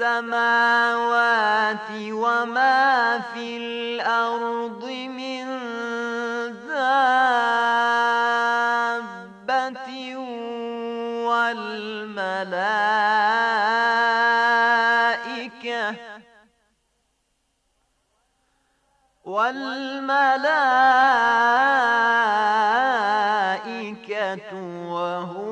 السماوات وما في الأرض من دابة والملائكة والملائكة وهو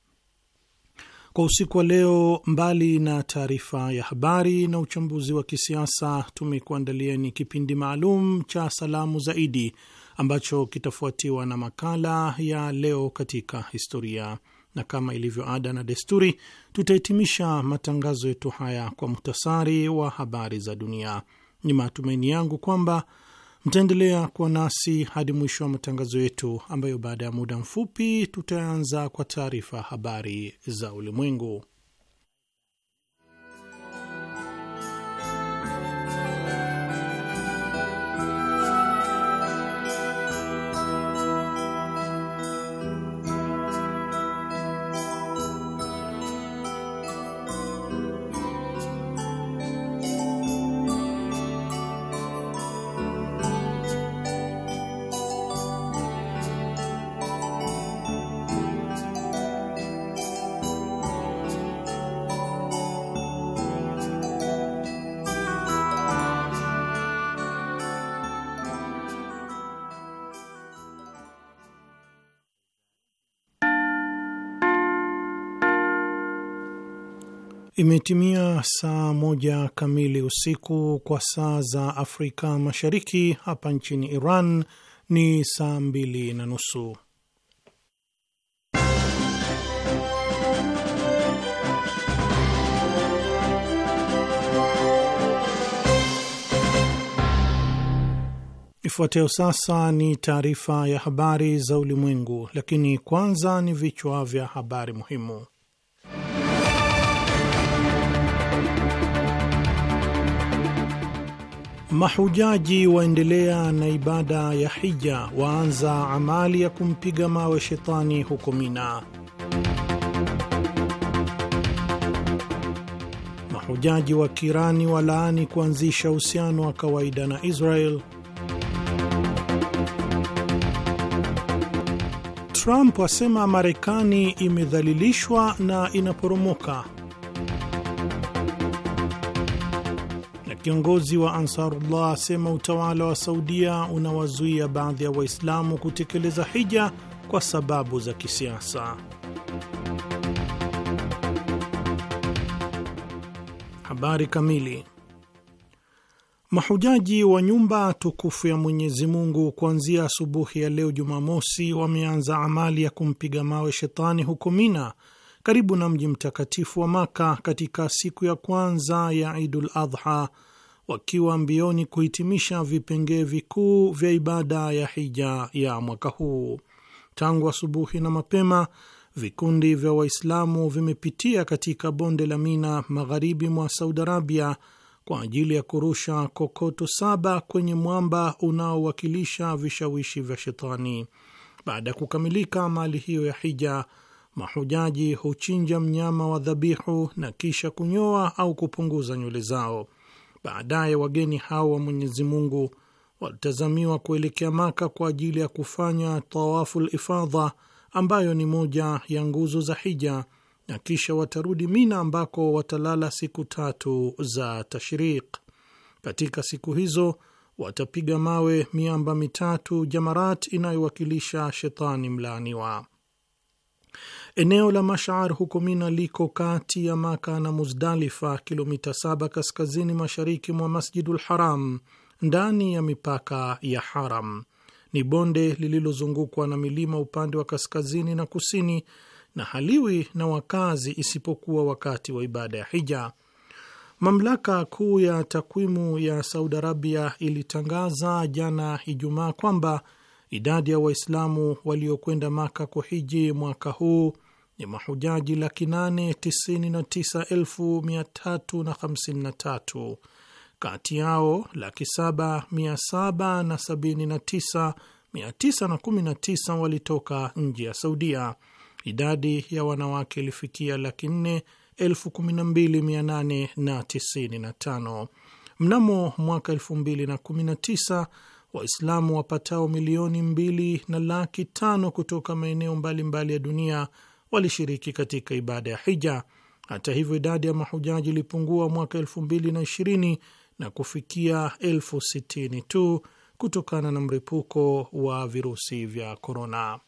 Kwa usiku wa leo, mbali na taarifa ya habari na uchambuzi wa kisiasa, tumekuandalieni kipindi maalum cha salamu zaidi ambacho kitafuatiwa na makala ya leo katika historia, na kama ilivyo ada na desturi, tutahitimisha matangazo yetu haya kwa muhtasari wa habari za dunia. Ni matumaini yangu kwamba Mtaendelea kuwa nasi hadi mwisho wa matangazo yetu, ambayo baada ya muda mfupi tutaanza kwa taarifa habari za ulimwengu. Imetimia saa moja kamili usiku kwa saa za Afrika Mashariki. Hapa nchini Iran ni saa mbili na nusu. Ifuatayo sasa ni taarifa ya habari za ulimwengu, lakini kwanza ni vichwa vya habari muhimu. Mahujaji waendelea na ibada ya hija, waanza amali ya kumpiga mawe shetani huko Mina. Mahujaji wa Kirani walaani kuanzisha uhusiano wa kawaida na Israel. Trump asema Marekani imedhalilishwa na inaporomoka. Kiongozi wa Ansarullah asema utawala wa Saudia unawazuia baadhi ya Waislamu kutekeleza hija kwa sababu za kisiasa. Habari kamili. Mahujaji wa nyumba tukufu ya Mwenyezi Mungu kuanzia asubuhi ya leo Jumamosi wameanza amali ya kumpiga mawe shetani huko Mina karibu na mji mtakatifu wa Maka katika siku ya kwanza ya Idul Adha wakiwa mbioni kuhitimisha vipengee vikuu vya ibada ya hija ya mwaka huu. Tangu asubuhi na mapema, vikundi vya Waislamu vimepitia katika bonde la Mina, magharibi mwa Saudi Arabia, kwa ajili ya kurusha kokoto saba kwenye mwamba unaowakilisha vishawishi vya Shetani. Baada ya kukamilika mali hiyo ya hija, mahujaji huchinja mnyama wa dhabihu na kisha kunyoa au kupunguza nywele zao. Baadaye wageni hao wa Mwenyezi Mungu walitazamiwa kuelekea Maka kwa ajili ya kufanya tawafu lifadha ambayo ni moja ya nguzo za hija, na kisha watarudi Mina ambako watalala siku tatu za tashriq. Katika siku hizo watapiga mawe miamba mitatu jamarat inayowakilisha shetani mlaaniwa. Eneo la Mashar huko Mina liko kati ya Maka na Muzdalifa, kilomita saba kaskazini mashariki mwa Masjidul Haram, ndani ya mipaka ya Haram. Ni bonde lililozungukwa na milima upande wa kaskazini na kusini, na haliwi na wakazi isipokuwa wakati wa ibada ya hija. Mamlaka kuu ya takwimu ya Saudi Arabia ilitangaza jana Ijumaa kwamba idadi ya Waislamu waliokwenda Maka kuhiji mwaka huu ni mahujaji laki nane tisini na tisa elfu mia tatu na hamsini na tatu kati yao laki saba mia saba na sabini na tisa mia tisa na kumi na tisa walitoka nje ya Saudia. Idadi ya wanawake ilifikia laki nne elfu kumi na mbili mia nane na tisini na tano. Mnamo mwaka elfu mbili na kumi na tisa Waislamu wapatao milioni mbili na laki tano kutoka maeneo mbalimbali ya dunia walishiriki katika ibada ya hija. Hata hivyo, idadi ya mahujaji ilipungua mwaka elfu 2020 na kufikia elfu sitini tu kutokana na mlipuko wa virusi vya korona.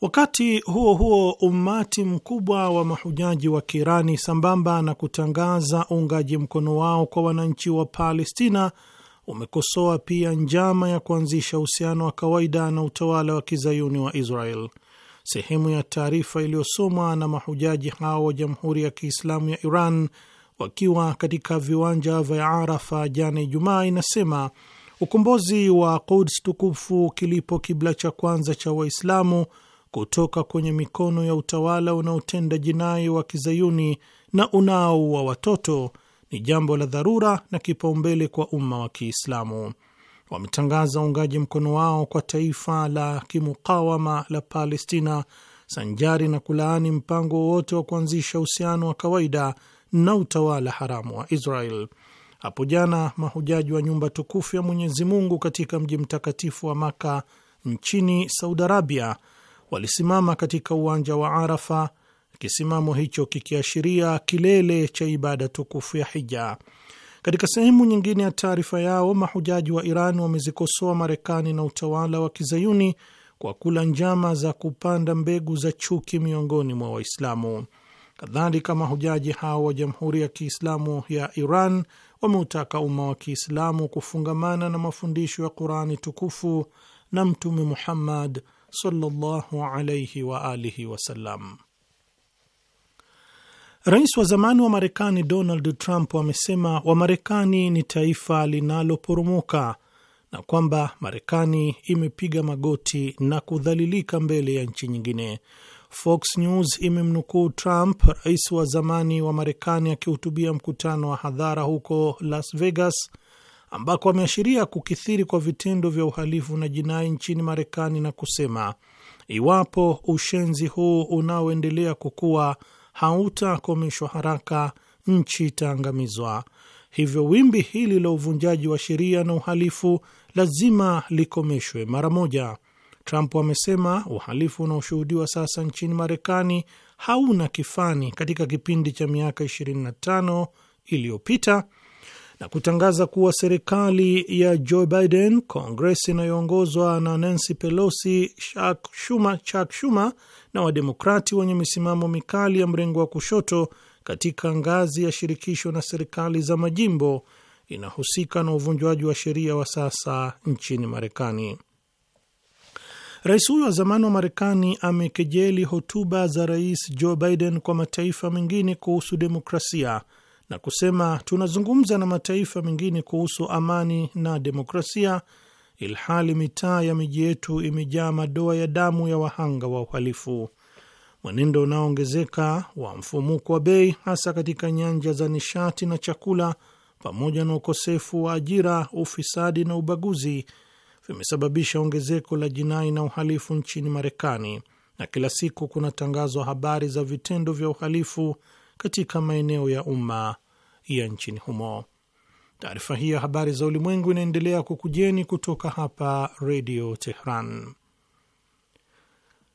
Wakati huo huo, umati mkubwa wa mahujaji wa Kiirani sambamba na kutangaza uungaji mkono wao kwa wananchi wa Palestina umekosoa pia njama ya kuanzisha uhusiano wa kawaida na utawala wa kizayuni wa Israel. Sehemu ya taarifa iliyosomwa na mahujaji hao wa Jamhuri ya Kiislamu ya Iran wakiwa katika viwanja vya Arafa jana Ijumaa inasema ukombozi wa Quds tukufu kilipo kibla cha kwanza cha Waislamu kutoka kwenye mikono ya utawala unaotenda jinai wa kizayuni na unaoua watoto ni jambo la dharura na kipaumbele kwa umma wa Kiislamu wametangaza uungaji mkono wao kwa taifa la kimukawama la Palestina sanjari na kulaani mpango wowote wa kuanzisha uhusiano wa kawaida na utawala haramu wa Israel. Hapo jana mahujaji wa nyumba tukufu ya Mwenyezi Mungu katika mji mtakatifu wa Maka nchini Saudi Arabia walisimama katika uwanja wa Arafa, kisimamo hicho kikiashiria kilele cha ibada tukufu ya hija. Katika sehemu nyingine ya taarifa yao, mahujaji wa Iran wamezikosoa Marekani na utawala wa kizayuni kwa kula njama za kupanda mbegu za chuki miongoni mwa Waislamu. Kadhalika, mahujaji hao wa Jamhuri ya Kiislamu ya Iran wameutaka umma wa Kiislamu kufungamana na mafundisho ya Qurani tukufu na Mtume Muhammad sallallahu alaihi waalihi wasallam. Rais wa zamani wa Marekani Donald Trump amesema Wamarekani ni taifa linaloporomoka na kwamba Marekani imepiga magoti na kudhalilika mbele ya nchi nyingine. Fox News imemnukuu Trump, rais wa zamani wa Marekani, akihutubia mkutano wa hadhara huko Las Vegas, ambako ameashiria kukithiri kwa vitendo vya uhalifu na jinai nchini Marekani na kusema iwapo ushenzi huu unaoendelea kukua hautakomeshwa haraka, nchi itaangamizwa. Hivyo wimbi hili la uvunjaji wa sheria na uhalifu lazima likomeshwe mara moja. Trump amesema uhalifu unaoshuhudiwa sasa nchini Marekani hauna kifani katika kipindi cha miaka 25 iliyopita na kutangaza kuwa serikali ya Joe Biden, Kongres inayoongozwa na Nancy Pelosi, Chuck Schumer, Chuck Schumer na Wademokrati wenye misimamo mikali ya mrengo wa kushoto katika ngazi ya shirikisho na serikali za majimbo inahusika na uvunjwaji wa sheria wa sasa nchini Marekani. Rais huyo wa zamani wa Marekani amekejeli hotuba za Rais Joe Biden kwa mataifa mengine kuhusu demokrasia na kusema tunazungumza na mataifa mengine kuhusu amani na demokrasia, ilhali mitaa ya miji yetu imejaa madoa ya damu ya wahanga wa uhalifu. Mwenendo unaoongezeka wa mfumuko wa bei, hasa katika nyanja za nishati na chakula, pamoja na ukosefu wa ajira, ufisadi na ubaguzi vimesababisha ongezeko la jinai na uhalifu nchini Marekani, na kila siku kunatangazwa habari za vitendo vya uhalifu katika maeneo ya umma ya nchini humo. Taarifa hii ya habari za ulimwengu inaendelea kukujeni kutoka hapa Redio Tehran.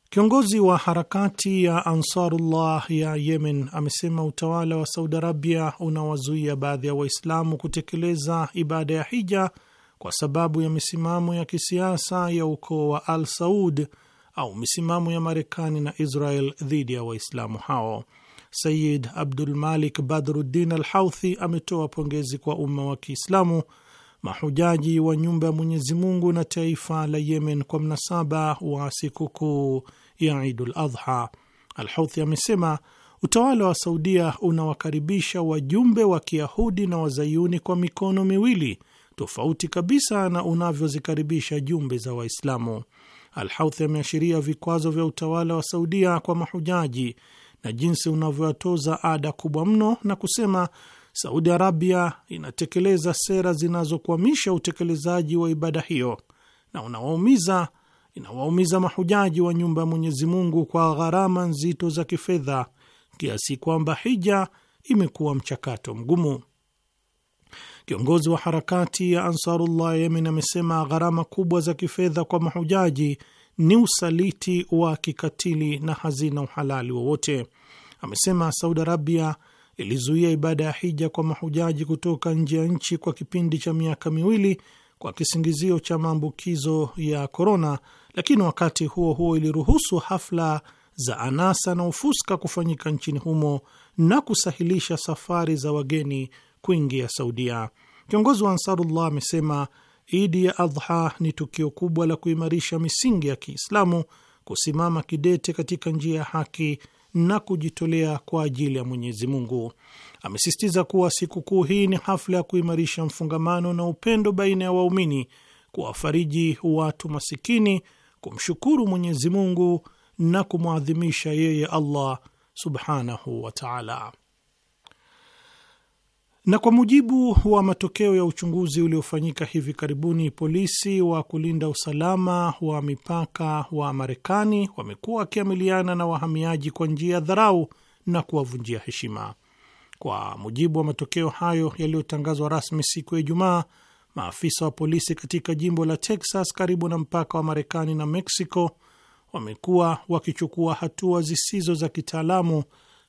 Kiongozi wa harakati ya Ansarullah ya Yemen amesema utawala wa Saudi Arabia unawazuia baadhi ya Waislamu kutekeleza ibada ya hija kwa sababu ya misimamo ya kisiasa ya ukoo wa Al Saud au misimamo ya Marekani na Israel dhidi ya Waislamu hao. Sayid Abdulmalik Badruddin al Hauthi ametoa pongezi kwa umma wa Kiislamu, mahujaji wa nyumba ya Mwenyezi Mungu na taifa la Yemen kwa mnasaba wa sikukuu ya Idul Adha. Al Houthi amesema utawala wa Saudia unawakaribisha wajumbe wa Kiyahudi na Wazayuni kwa mikono miwili tofauti kabisa na unavyozikaribisha jumbe za Waislamu. Al Houthi ameashiria vikwazo vya utawala wa Saudia kwa mahujaji na jinsi unavyowatoza ada kubwa mno, na kusema Saudi Arabia inatekeleza sera zinazokwamisha utekelezaji wa ibada hiyo na unawaumiza inawaumiza mahujaji wa nyumba ya Mwenyezi Mungu kwa gharama nzito za kifedha kiasi kwamba hija imekuwa mchakato mgumu. Kiongozi wa harakati ya Ansarullah Yemen amesema gharama kubwa za kifedha kwa mahujaji ni usaliti wa kikatili na hazina uhalali wowote. Amesema Saudi Arabia ilizuia ibada ya hija kwa mahujaji kutoka nje ya nchi kwa kipindi cha miaka miwili kwa kisingizio cha maambukizo ya korona, lakini wakati huo huo iliruhusu hafla za anasa na ufuska kufanyika nchini humo na kusahilisha safari za wageni kuingia Saudia. Kiongozi wa Ansarullah amesema Idi ya Adha ni tukio kubwa la kuimarisha misingi ya Kiislamu, kusimama kidete katika njia ya haki na kujitolea kwa ajili ya Mwenyezi Mungu. Amesisitiza kuwa sikukuu hii ni hafla ya kuimarisha mfungamano na upendo baina ya waumini, kuwafariji watu masikini, kumshukuru Mwenyezi Mungu na kumwadhimisha yeye Allah subhanahu wa taala. Na kwa mujibu wa matokeo ya uchunguzi uliofanyika hivi karibuni, polisi wa kulinda usalama wa mipaka wa Marekani wamekuwa wakiamiliana na wahamiaji kwa njia ya dharau na kuwavunjia heshima. Kwa mujibu wa matokeo hayo yaliyotangazwa rasmi siku ya Ijumaa, maafisa wa polisi katika jimbo la Texas karibu na mpaka wa Marekani na Mexico wamekuwa wakichukua hatua zisizo za kitaalamu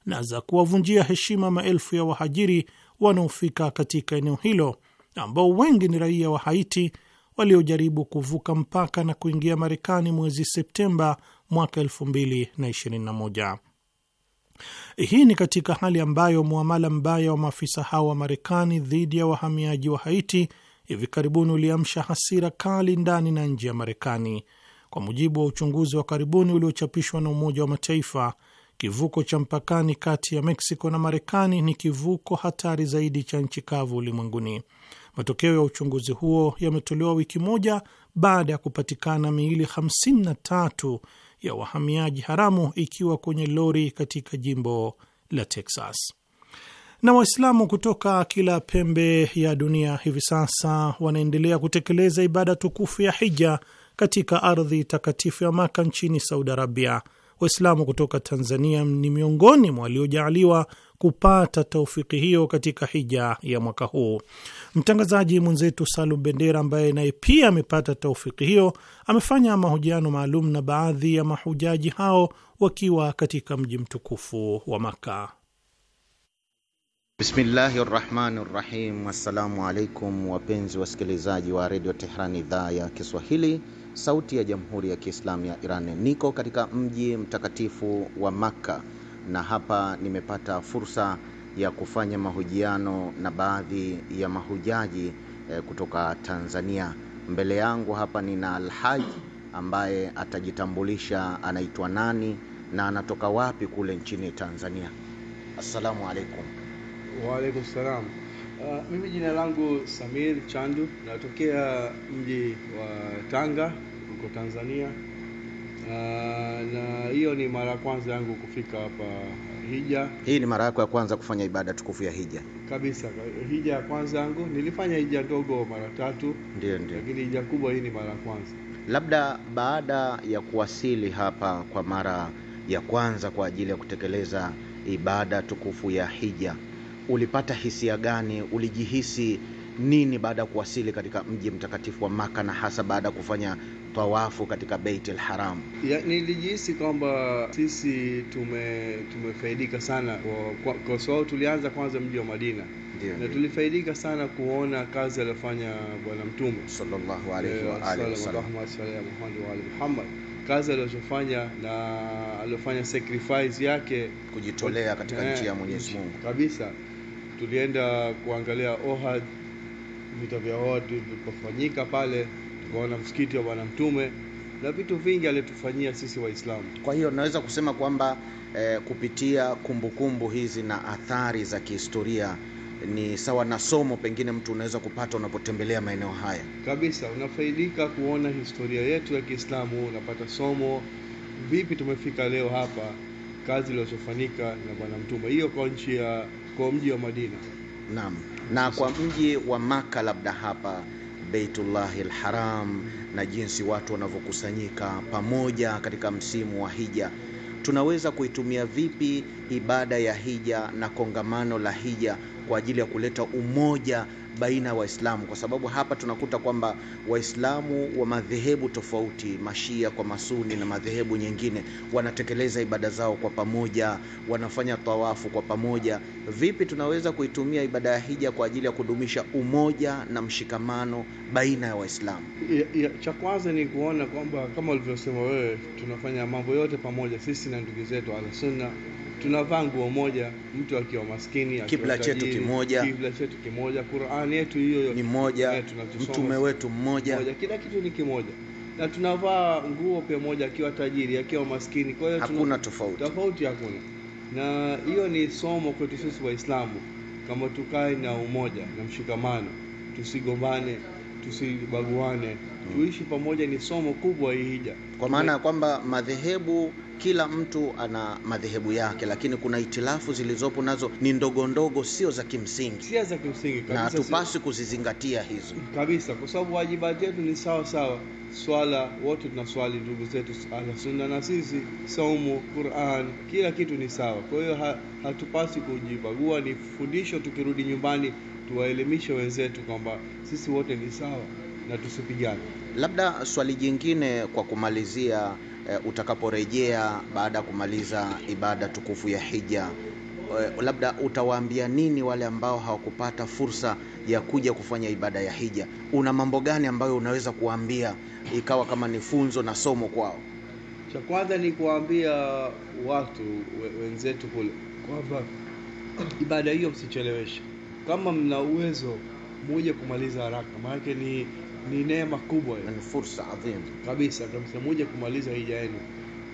na za kuwavunjia heshima maelfu ya wahajiri wanaofika katika eneo hilo ambao wengi ni raia wa Haiti waliojaribu kuvuka mpaka na kuingia Marekani mwezi Septemba mwaka 2021. Hii ni katika hali ambayo muamala mbaya wa maafisa hao wa Marekani dhidi ya wahamiaji wa Haiti hivi karibuni uliamsha hasira kali ndani na nje ya Marekani. Kwa mujibu wa uchunguzi wa karibuni uliochapishwa na Umoja wa Mataifa, Kivuko cha mpakani kati ya Mexico na Marekani ni kivuko hatari zaidi cha nchi kavu ulimwenguni. Matokeo ya uchunguzi huo yametolewa wiki moja baada ya kupatikana miili 53 ya wahamiaji haramu ikiwa kwenye lori katika jimbo la Texas. Na Waislamu kutoka kila pembe ya dunia hivi sasa wanaendelea kutekeleza ibada tukufu ya hija katika ardhi takatifu ya Maka nchini Saudi Arabia Waislamu kutoka Tanzania ni miongoni mwa waliojaaliwa kupata taufiki hiyo katika hija ya mwaka huu. Mtangazaji mwenzetu Salum Bendera, ambaye naye pia amepata taufiki hiyo, amefanya mahojiano maalum na baadhi ya mahujaji hao wakiwa katika mji mtukufu wa Maka. Bismillahi rahmani rahim. Assalamu alaikum wapenzi wasikilizaji wa redio Tehran, idhaa ya Kiswahili, sauti ya jamhuri ya kiislamu ya Iran. Niko katika mji mtakatifu wa Makka na hapa nimepata fursa ya kufanya mahojiano na baadhi ya mahujaji eh, kutoka Tanzania. Mbele yangu hapa nina alhaj ambaye atajitambulisha anaitwa nani na anatoka wapi kule nchini Tanzania. Assalamu alaikum. Waalaikum salam. Uh, mimi jina langu Samir Chandu, natokea mji wa Tanga huko Tanzania. Uh, na hiyo ni mara ya kwanza yangu kufika hapa hija. Hii ni mara yako ya kwanza kufanya ibada tukufu ya hija? Kabisa, hija ya kwanza yangu. Nilifanya hija ndogo mara tatu, ndio ndio, lakini hija kubwa hii ni mara ya kwanza. Labda baada ya kuwasili hapa kwa mara ya kwanza kwa ajili ya kutekeleza ibada tukufu ya hija ulipata hisia gani? Ulijihisi nini baada ya kuwasili katika mji mtakatifu wa Maka na hasa baada ya kufanya tawafu katika Baitul Haram? Ya, nilijihisi kwamba sisi tume tumefaidika sana kwa, kwa, kwa sababu tulianza kwanza mji wa Madina Ndiyo, na tulifaidika sana kuona kazi aliyofanya Bwana Mtume sallallahu alaihi wa alihi wasallam Muhammad kazi aliyofanya na aliyofanya sacrifice yake kujitolea katika njia ya Mwenyezi eh, Mungu kabisa tulienda kuangalia Ohad, vita vya Ohad vilipofanyika pale, tukaona msikiti wa Bwana Mtume na vitu vingi alitufanyia sisi Waislamu. Kwa hiyo naweza kusema kwamba eh, kupitia kumbukumbu kumbu hizi na athari za kihistoria ni sawa na somo pengine mtu unaweza kupata unapotembelea maeneo haya kabisa. Unafaidika kuona historia yetu ya Kiislamu, unapata somo vipi tumefika leo hapa, kazi iliyofanyika na Bwana Mtume, hiyo kwa nchi ya kwa mji wa Madina. Naam, na kwa mji wa Maka, labda hapa Baitullahi lharam na jinsi watu wanavyokusanyika pamoja katika msimu wa hija, tunaweza kuitumia vipi ibada ya hija na kongamano la hija kwa ajili ya kuleta umoja baina ya Waislamu, kwa sababu hapa tunakuta kwamba Waislamu wa madhehebu tofauti, mashia kwa masuni na madhehebu nyingine, wanatekeleza ibada zao kwa pamoja, wanafanya tawafu kwa pamoja. Vipi tunaweza kuitumia ibada ya hija kwa ajili ya kudumisha umoja na mshikamano baina ya Waislamu? Cha kwanza ni kuona kwamba kama ulivyosema wewe, tunafanya mambo yote pamoja, sisi na ndugu zetu Ahlusunna tunavaa nguo moja, mtu akiwa maskini, kibla chetu kimoja, kibla chetu kimoja, Qur'ani yetu hiyo ni moja, eh, mtume wetu mmoja, kila kitu ni kimoja, na tunavaa nguo pia moja, akiwa tajiri, akiwa maskini. Kwa hiyo hakuna tofauti, tofauti hakuna. Na hiyo ni somo kwetu sisi Waislamu, kama tukae na umoja na mshikamano, tusigombane tusibaguane, mm. tuishi pamoja. Ni somo kubwa hija, kwa maana ya kwamba madhehebu kila mtu ana madhehebu yake, lakini kuna itilafu zilizopo nazo ni ndogo ndogo, sio za kimsingi, sio za kimsingi kabisa, na tupasi kuzizingatia hizo kabisa, kwa sababu wajiba wetu ni sawa sawa. Swala wote swali ndugu zetu ahlu sunna na sisi, saumu, Qur'an, kila kitu ni sawa. Kwa hiyo hatupasi kujibagua, ni fundisho. Tukirudi nyumbani tuwaelimishe wenzetu kwamba sisi wote ni sawa na tusipigane. Labda swali jingine kwa kumalizia, e, utakaporejea baada ya kumaliza ibada tukufu ya hija eh, labda utawaambia nini wale ambao hawakupata fursa ya kuja kufanya ibada ya hija? Una mambo gani ambayo unaweza kuwaambia ikawa kama ni funzo na somo kwao? Cha kwanza ni kuwaambia watu wenzetu kule kwamba ibada hiyo msicheleweshe kama mna uwezo muje kumaliza haraka, maanake ni ni neema kubwa hiyo, fursa adhim kabisa kabisa, moja kumaliza hija yenu.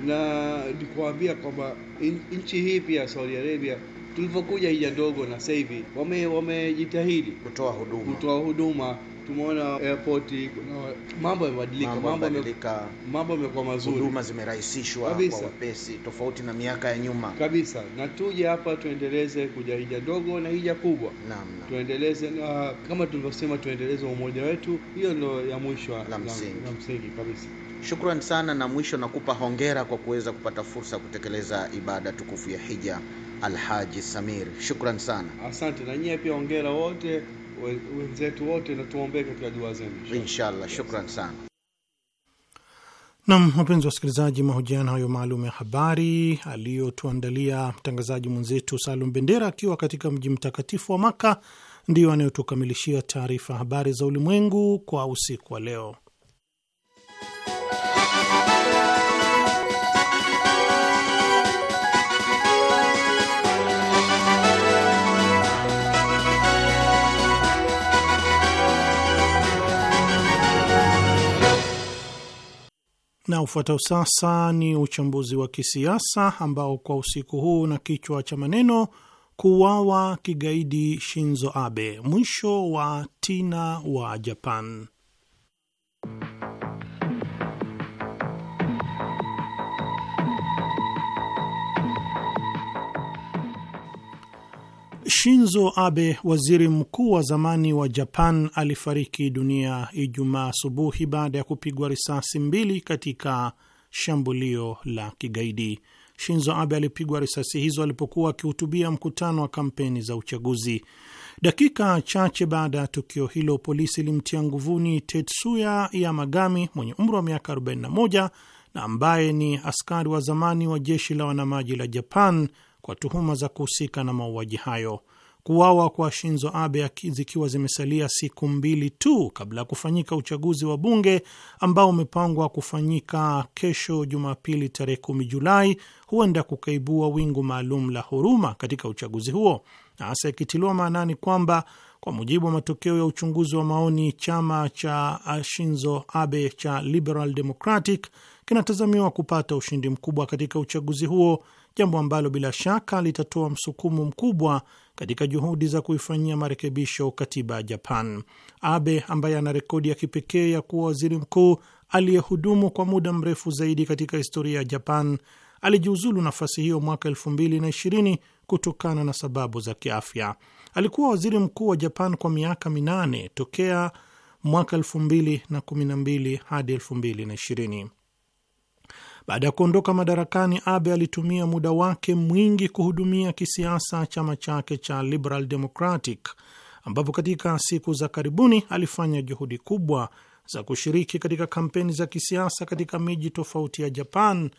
Na nikuambia kwamba in, nchi hii pia Saudi Arabia tulivyokuja hija ndogo, na sasa hivi wamejitahidi wame kutoa huduma, kutoa huduma tumeona airport kuna mambo yamebadilika, mambo yamekuwa mazuri, huduma zimerahisishwa kwa wepesi, tofauti na miaka ya nyuma kabisa. Na tuje hapa tuendeleze kuja hija ndogo na hija kubwa, naam, tuendeleze na kama tulivyosema, tuendeleze umoja wetu. Hiyo ndio ya mwisho la msingi kabisa. Shukran sana, na mwisho nakupa hongera kwa kuweza kupata fursa ya kutekeleza ibada tukufu ya hija, Alhaji Samir. Shukran sana, asante. Na nyie pia hongera wote wenzetu wote na tuombee katika dua zenu inshallah. Shukran sana. Nam, wapenzi wa wasikilizaji, mahojiano hayo maalum ya habari aliyotuandalia mtangazaji mwenzetu Salum Bendera akiwa katika mji mtakatifu wa Maka ndiyo anayotukamilishia taarifa habari za ulimwengu kwa usiku wa leo. na ufuatao sasa ni uchambuzi wa kisiasa ambao kwa usiku huu na kichwa cha maneno kuuawa kigaidi Shinzo Abe, mwisho wa tina wa Japan. Shinzo Abe, waziri mkuu wa zamani wa Japan, alifariki dunia Ijumaa asubuhi baada ya kupigwa risasi mbili katika shambulio la kigaidi. Shinzo Abe alipigwa risasi hizo alipokuwa akihutubia mkutano wa kampeni za uchaguzi. Dakika chache baada ya tukio hilo, polisi ilimtia nguvuni Tetsuya Yamagami mwenye umri wa miaka 41 na ambaye ni askari wa zamani wa jeshi la wanamaji la Japan kwa tuhuma za kuhusika na mauaji hayo. Kuwawa kwa Shinzo Abe zikiwa zimesalia siku mbili tu kabla ya kufanyika uchaguzi wa bunge ambao umepangwa kufanyika kesho Jumapili tarehe kumi Julai huenda kukaibua wingu maalum la huruma katika uchaguzi huo, na hasa ikitiliwa maanani kwamba kwa mujibu wa matokeo ya uchunguzi wa maoni, chama cha Shinzo Abe cha Liberal Democratic kinatazamiwa kupata ushindi mkubwa katika uchaguzi huo jambo ambalo bila shaka litatoa msukumo mkubwa katika juhudi za kuifanyia marekebisho katiba ya Japan. Abe ambaye ana rekodi ya kipekee ya kuwa waziri mkuu aliyehudumu kwa muda mrefu zaidi katika historia ya Japan alijiuzulu nafasi hiyo mwaka ishirini kutokana na sababu za kiafya. Alikuwa waziri mkuu wa Japan kwa miaka minane tokea mwaka mbili hadi ishirini. Baada ya kuondoka madarakani, Abe alitumia muda wake mwingi kuhudumia kisiasa chama chake cha Liberal Democratic, ambapo katika siku za karibuni alifanya juhudi kubwa za kushiriki katika kampeni za kisiasa katika miji tofauti ya Japan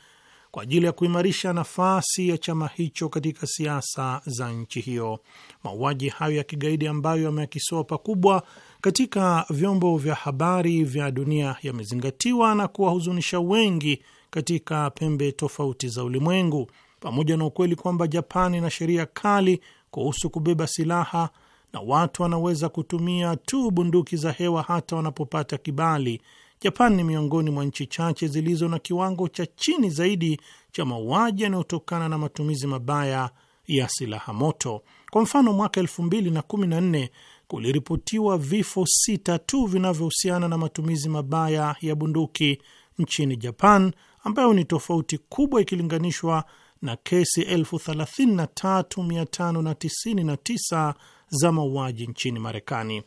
kwa ajili ya kuimarisha nafasi ya chama hicho katika siasa za nchi hiyo. Mauaji hayo ya kigaidi ambayo yameakisiwa pakubwa katika vyombo vya habari vya dunia yamezingatiwa na kuwahuzunisha wengi katika pembe tofauti za ulimwengu. Pamoja na ukweli kwamba Japan ina sheria kali kuhusu kubeba silaha na watu wanaweza kutumia tu bunduki za hewa hata wanapopata kibali, Japan ni miongoni mwa nchi chache zilizo na kiwango cha chini zaidi cha mauaji yanayotokana na matumizi mabaya ya silaha moto. Kwa mfano, mwaka 2014 kuliripotiwa vifo sita tu vinavyohusiana na matumizi mabaya ya bunduki nchini Japan ambayo ni tofauti kubwa ikilinganishwa na kesi 33599 za mauaji nchini Marekani.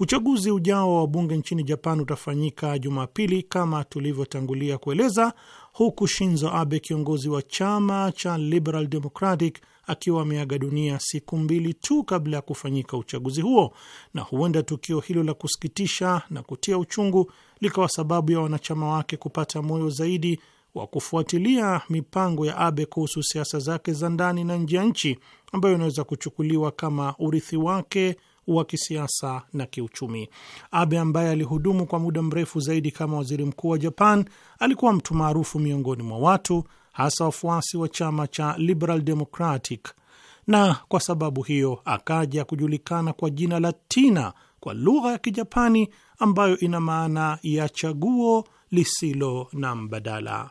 Uchaguzi ujao wa bunge nchini Japan utafanyika Jumapili kama tulivyotangulia kueleza, huku Shinzo Abe, kiongozi wa chama cha Liberal Democratic, akiwa ameaga dunia siku mbili tu kabla ya kufanyika uchaguzi huo, na huenda tukio hilo la kusikitisha na kutia uchungu likawa sababu ya wanachama wake kupata moyo zaidi wa kufuatilia mipango ya Abe kuhusu siasa zake za ndani na nje ya nchi ambayo inaweza kuchukuliwa kama urithi wake wa kisiasa na kiuchumi. Abe ambaye alihudumu kwa muda mrefu zaidi kama waziri mkuu wa Japan alikuwa mtu maarufu miongoni mwa watu, hasa wafuasi wa chama cha Liberal Democratic, na kwa sababu hiyo akaja kujulikana kwa jina la Tina kwa lugha ya Kijapani ambayo ina maana ya chaguo lisilo na mbadala.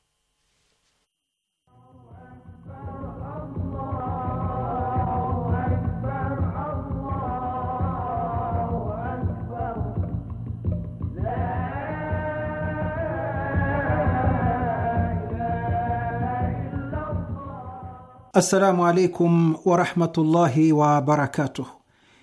Assalamu alaikum warahmatullahi wabarakatuh.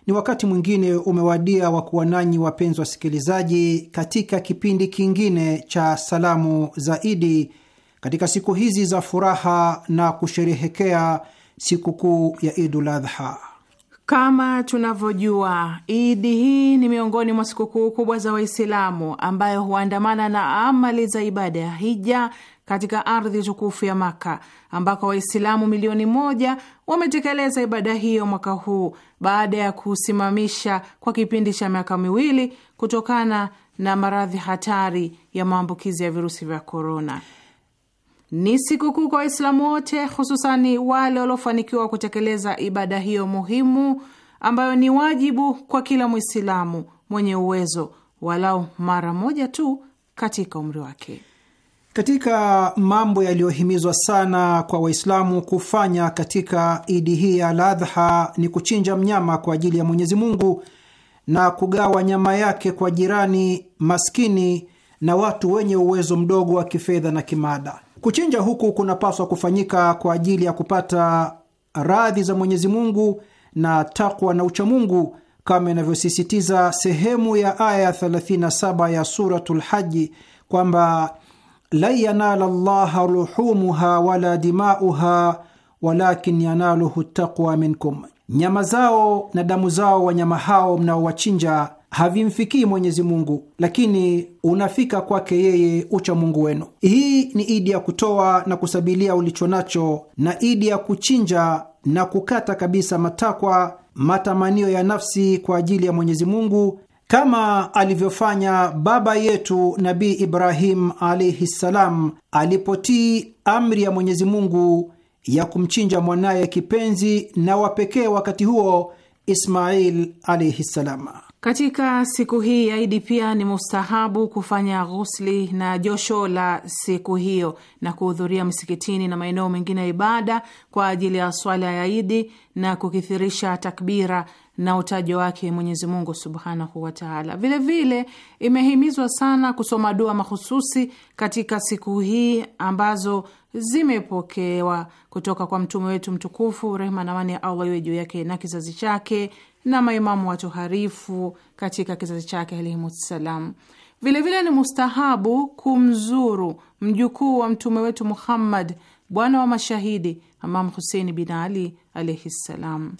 Ni wakati mwingine umewadia wa kuwa nanyi wapenzi wasikilizaji, katika kipindi kingine cha salamu za Idi katika siku hizi za furaha na kusherehekea sikukuu ya Idul Adha. Kama tunavyojua, Idi hii ni miongoni mwa sikukuu kubwa za Waislamu ambayo huandamana na amali za ibada ya hija katika ardhi tukufu ya Maka ambako Waislamu milioni moja wametekeleza ibada hiyo mwaka huu baada ya kusimamisha kwa kipindi cha miaka miwili kutokana na maradhi hatari ya maambukizi ya virusi vya korona. Ni sikukuu kwa Waislamu wote, hususani wale waliofanikiwa kutekeleza ibada hiyo muhimu ambayo ni wajibu kwa kila Mwislamu mwenye uwezo walau mara moja tu katika umri wake. Katika mambo yaliyohimizwa sana kwa Waislamu kufanya katika idi hii ya Ladha ni kuchinja mnyama kwa ajili ya Mwenyezi Mungu na kugawa nyama yake kwa jirani maskini na watu wenye uwezo mdogo wa kifedha na kimada. Kuchinja huku kunapaswa kufanyika kwa ajili ya kupata radhi za Mwenyezi Mungu na takwa na uchamungu kama inavyosisitiza sehemu ya aya 37 ya Suratul Haji kwamba la yanala llaha luhumuha wala dimauha walakin yanaluhu taqwa minkum, nyama zao na damu zao wanyama hao mnaowachinja havimfikii Mwenyezi Mungu, lakini unafika kwake yeye ucha Mungu wenu. Hii ni idi ya kutoa na kusabilia ulicho nacho na idi ya kuchinja na kukata kabisa matakwa matamanio ya nafsi kwa ajili ya Mwenyezi Mungu kama alivyofanya baba yetu Nabii Ibrahim alaihi ssalam alipotii amri ya Mwenyezi Mungu ya kumchinja mwanaye kipenzi na wa pekee wakati huo Ismail alaihi ssalam. Katika siku hii ya Idi pia ni mustahabu kufanya ghusli na josho la siku hiyo na kuhudhuria msikitini na maeneo mengine ya ibada kwa ajili ya swala ya Idi na kukithirisha takbira na utajo wake Mwenyezi Mungu subhanahu wataala. Vilevile imehimizwa sana kusoma dua mahususi katika siku hii ambazo zimepokewa kutoka kwa mtume wetu mtukufu, rehma na amani ya Allah iwe juu yake na kizazi chake, na maimamu watoharifu katika kizazi chake alaihimussalam. Vilevile ni mustahabu kumzuru mjukuu wa mtume wetu Muhammad bwana wa mashahidi Imam Huseini bin Ali alaihi ssalam.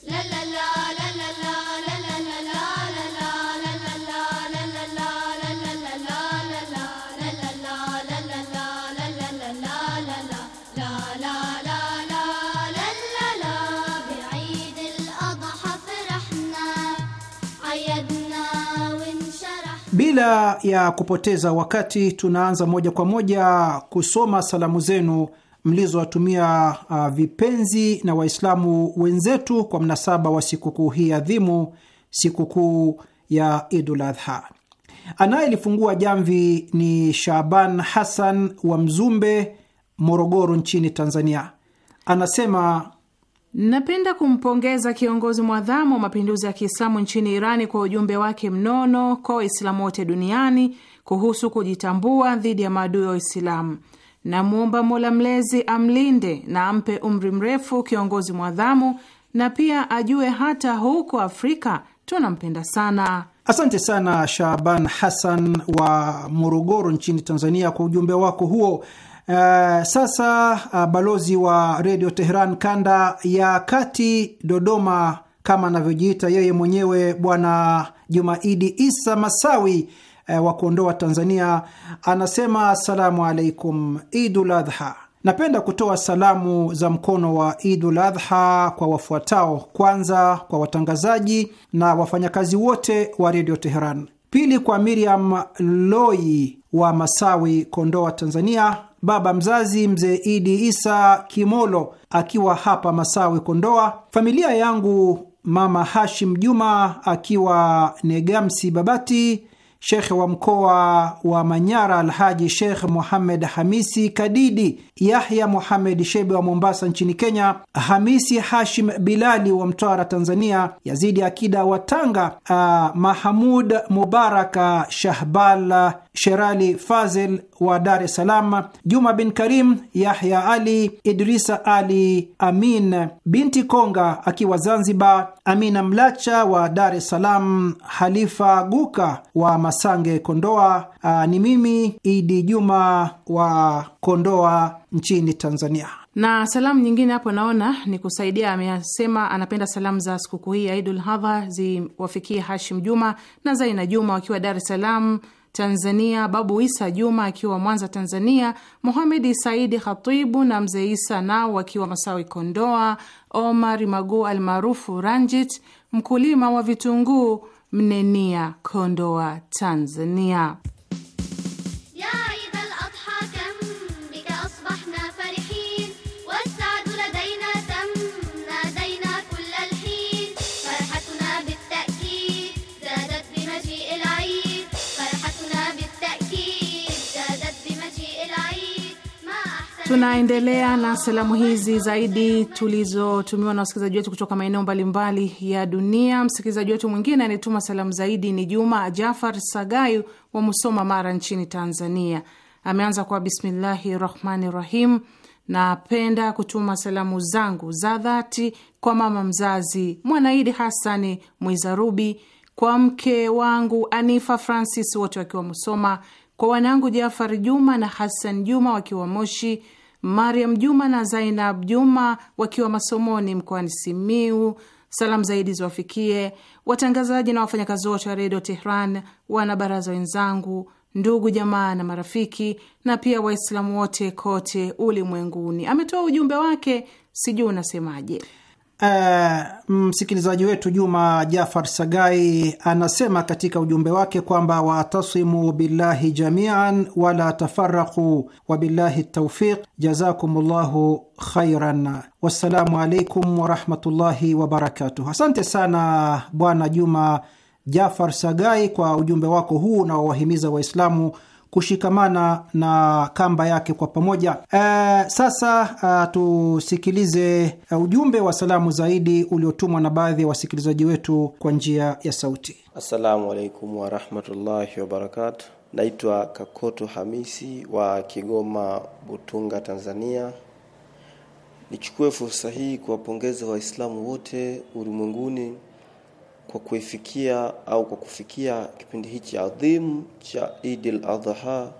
Bila ya kupoteza wakati, tunaanza moja kwa moja kusoma salamu zenu mlizowatumia uh, vipenzi na Waislamu wenzetu kwa mnasaba wa sikukuu hii adhimu, sikukuu ya Idul Adha. Anayelifungua jamvi ni Shaban Hassan wa Mzumbe, Morogoro, nchini Tanzania. Anasema, napenda kumpongeza kiongozi mwadhamu wa mapinduzi ya Kiislamu nchini Irani kwa ujumbe wake mnono kwa Waislamu wote duniani kuhusu kujitambua dhidi ya maadui wa Waislamu. Namwomba Mola Mlezi amlinde na ampe umri mrefu kiongozi mwadhamu, na pia ajue hata huko Afrika tunampenda sana. Asante sana Shaban Hassan wa Morogoro nchini Tanzania kwa ujumbe wako huo. Uh, sasa uh, balozi wa Redio Teheran kanda ya kati Dodoma, kama anavyojiita yeye mwenyewe, Bwana Jumaidi Isa Masawi eh, wa kuondoa Tanzania anasema assalamu alaikum, idul adha. Napenda kutoa salamu za mkono wa Idul Adha kwa wafuatao: kwanza, kwa watangazaji na wafanyakazi wote wa redio Teheran; pili, kwa Miriam Loi wa Masawi, Kondoa, Tanzania, baba mzazi mzee Idi Isa Kimolo akiwa hapa Masawi, Kondoa, familia yangu mama Hashim Juma akiwa Negamsi, Babati, shekhe wa mkoa wa Manyara Alhaji Shekh Muhamed Hamisi Kadidi, Yahya Muhamed Shebe wa Mombasa nchini Kenya, Hamisi Hashim Bilali wa Mtwara Tanzania, Yazidi Akida wa Tanga, uh, Mahamud Mubaraka uh, Shahbal uh, Sherali Fazil wa Dar es Salaam, Juma bin Karim Yahya Ali Idrisa Ali Amin binti Konga akiwa Zanzibar, Amina Mlacha wa Dar es Salaam, Halifa Guka wa Masange, Kondoa. Aa, ah, ni mimi Idi Juma wa Kondoa nchini Tanzania. Na salamu nyingine hapo naona ni kusaidia, amesema anapenda salamu za sikukuu hii ya Idul Hadha ziwafikie Hashim Juma na Zaina Juma wakiwa Dar es Salaam Tanzania, Babu Isa Juma akiwa Mwanza Tanzania, muhamedi Saidi Khatibu na Mzee Isa nao wakiwa Masawi Kondoa, Omar Magu almaarufu Ranjit, mkulima wa vitunguu Mnenia, Kondoa, Tanzania. Tunaendelea na salamu hizi zaidi tulizotumiwa na wasikilizaji wetu kutoka maeneo mbalimbali ya dunia. Msikilizaji wetu mwingine anayetuma salamu zaidi ni Juma Jafar Sagayu wa Musoma, Mara, nchini Tanzania. Ameanza kwa bismillahi rahmani rahim, napenda kutuma salamu zangu za dhati kwa mama mzazi Mwanaidi Hasani Mwizarubi, kwa mke wangu Anifa Francis, wote wakiwa Musoma, kwa wanangu Jafar Juma na hasan Juma wakiwa Moshi, Mariam Juma na Zainab Juma wakiwa masomoni mkoani Simiu. Salamu zaidi ziwafikie watangazaji na wafanyakazi wote wa redio Tehran, wanabaraza wenzangu, ndugu jamaa na marafiki, na pia Waislamu wote kote ulimwenguni. Ametoa ujumbe wake, sijui unasemaje. Uh, msikilizaji wetu Juma Jafar Sagai anasema katika ujumbe wake kwamba watasimu billahi jamian wala tafaraku wabillahi taufiq. llahu khairan, wassalamu alaikum warahmatullahi wabarakatuh. Asante sana Bwana Juma Jafar Sagai kwa ujumbe wako huu unaowahimiza Waislamu kushikamana na kamba yake kwa pamoja. E, sasa a, eh, tusikilize a, eh, ujumbe wa salamu zaidi uliotumwa na baadhi ya wasikilizaji wetu kwa njia ya sauti. Assalamu alaikum warahmatullahi wabarakatu. Naitwa Kakoto Hamisi wa Kigoma Butunga, Tanzania. Nichukue fursa hii kuwapongeza Waislamu wote ulimwenguni kwa kuifikia au kwa kufikia kipindi hichi adhimu cha Idil Adha,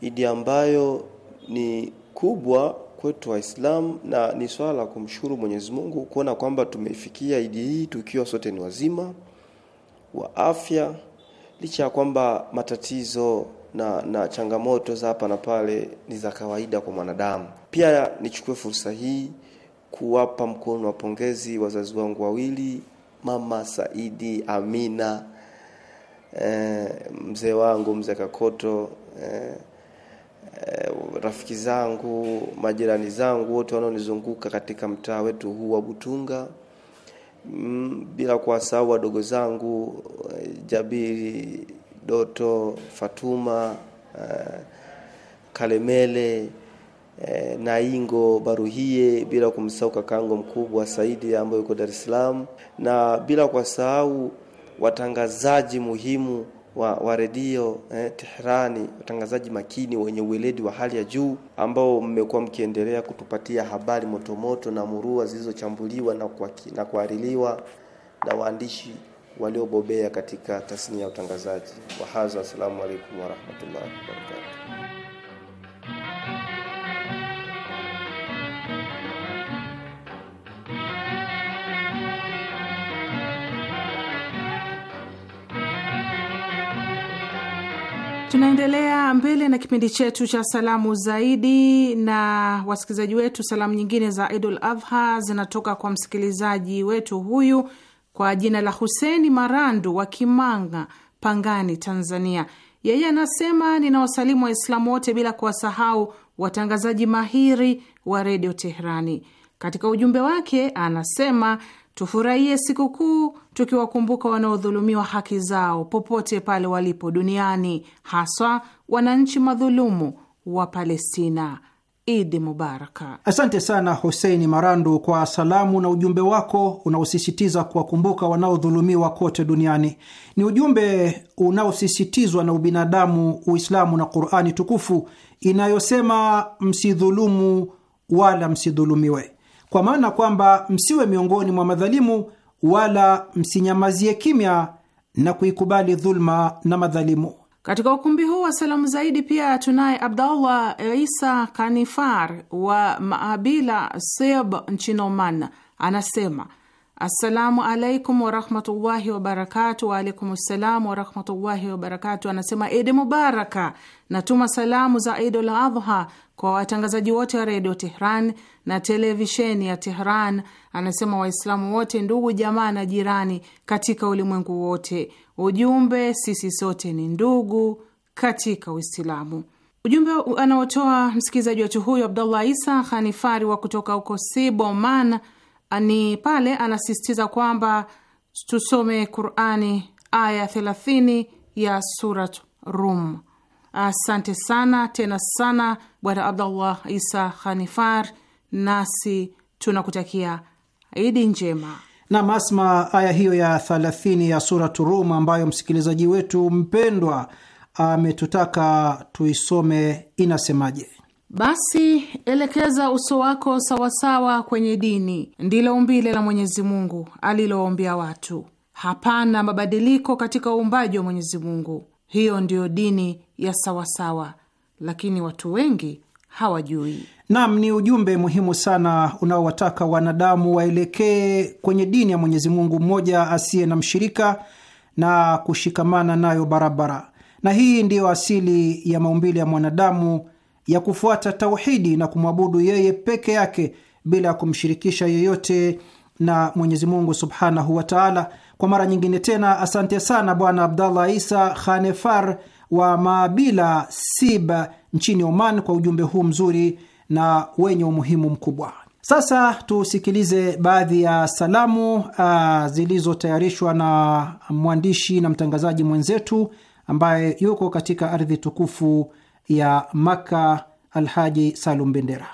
idi ambayo ni kubwa kwetu Waislamu na ni swala la kumshukuru Mwenyezi Mungu kuona kwamba tumeifikia idi hii tukiwa sote ni wazima wa afya, licha ya kwamba matatizo na, na changamoto za hapa na pale ni za kawaida kwa mwanadamu. Pia nichukue fursa hii kuwapa mkono wa pongezi wazazi wangu wawili mama Saidi, Amina eh, mzee wangu mzee Kakoto eh, eh, rafiki zangu, majirani zangu wote wanaonizunguka katika mtaa wetu huu wa Butunga mm, bila kuwasahau wadogo zangu eh, Jabiri, Doto, Fatuma eh, Kalemele Eh, na Ingo Baruhie, bila kumsahau kakangu mkubwa Saidi ambaye yuko Dar es Salaam, na bila kuwasahau watangazaji muhimu wa, wa redio eh, Tehrani, watangazaji makini wenye uweledi wa hali ya juu ambao mmekuwa mkiendelea kutupatia habari motomoto na murua zilizochambuliwa na, na kuhaririwa na waandishi waliobobea katika tasnia ya utangazaji. Wahaza, assalamu alaikum warahmatullahi wabarakatuh. Tunaendelea mbele na kipindi chetu cha salamu zaidi na wasikilizaji wetu. Salamu nyingine za Idul Adha zinatoka kwa msikilizaji wetu huyu kwa jina la Huseni Marandu wa Kimanga, Pangani, Tanzania. Yeye anasema ninawasalimu Waislamu wote bila kuwasahau watangazaji mahiri wa redio Teherani. Katika ujumbe wake anasema Tufurahie sikukuu tukiwakumbuka wanaodhulumiwa haki zao popote pale walipo duniani, haswa wananchi madhulumu wa Palestina. Idi mubaraka. Asante sana Huseini Marandu kwa salamu na ujumbe wako unaosisitiza kuwakumbuka wanaodhulumiwa kote duniani. Ni ujumbe unaosisitizwa na ubinadamu, Uislamu na Qurani tukufu inayosema msidhulumu wala msidhulumiwe kwa maana kwamba msiwe miongoni mwa madhalimu wala msinyamazie kimya na kuikubali dhulma na madhalimu. Katika ukumbi huu wa salamu zaidi pia tunaye Abdallah Isa Kanifar wa Maabila Seb nchini Oman, anasema assalamu alaikum warahmatullahi wabarakatu. Waalaikum ssalamu warahmatullahi wabarakatu. Anasema Idi mubaraka, natuma salamu za Idul Adha kwa watangazaji wote wa redio Tehran na televisheni ya Tehran. Anasema Waislamu wote, ndugu jamaa na jirani katika ulimwengu wote, ujumbe sisi sote ni ndugu katika Uislamu. Ujumbe anaotoa msikilizaji wetu huyu Abdullah Isa Khanifari wa kutoka huko Siboman ni pale, anasisitiza kwamba tusome Qurani aya 30 ya Surat Rum. Asante sana tena sana Bwana abdullah Isa hanifar nasi tunakutakia Idi njema. Nam Asma, aya hiyo ya thalathini ya Suratu Rum ambayo msikilizaji wetu mpendwa ametutaka tuisome inasemaje? Basi elekeza uso wako sawasawa kwenye dini, ndilo umbile la Mwenyezi Mungu alilowaumbia watu. Hapana mabadiliko katika uumbaji wa Mwenyezi Mungu. Hiyo ndiyo dini ya sawasawa, lakini watu wengi hawajui. Naam, ni ujumbe muhimu sana unaowataka wanadamu waelekee kwenye dini ya Mwenyezi Mungu mmoja asiye na mshirika na kushikamana nayo barabara, na hii ndiyo asili ya maumbile ya mwanadamu ya kufuata tauhidi na kumwabudu yeye peke yake bila ya kumshirikisha yeyote na Mwenyezi Mungu subhanahu wa taala kwa mara nyingine tena, asante sana Bwana Abdallah Isa Khanefar wa Maabila Sib nchini Oman kwa ujumbe huu mzuri na wenye umuhimu mkubwa. Sasa tusikilize baadhi ya salamu ah, zilizotayarishwa na mwandishi na mtangazaji mwenzetu ambaye yuko katika ardhi tukufu ya Makka, Alhaji Salum Bendera.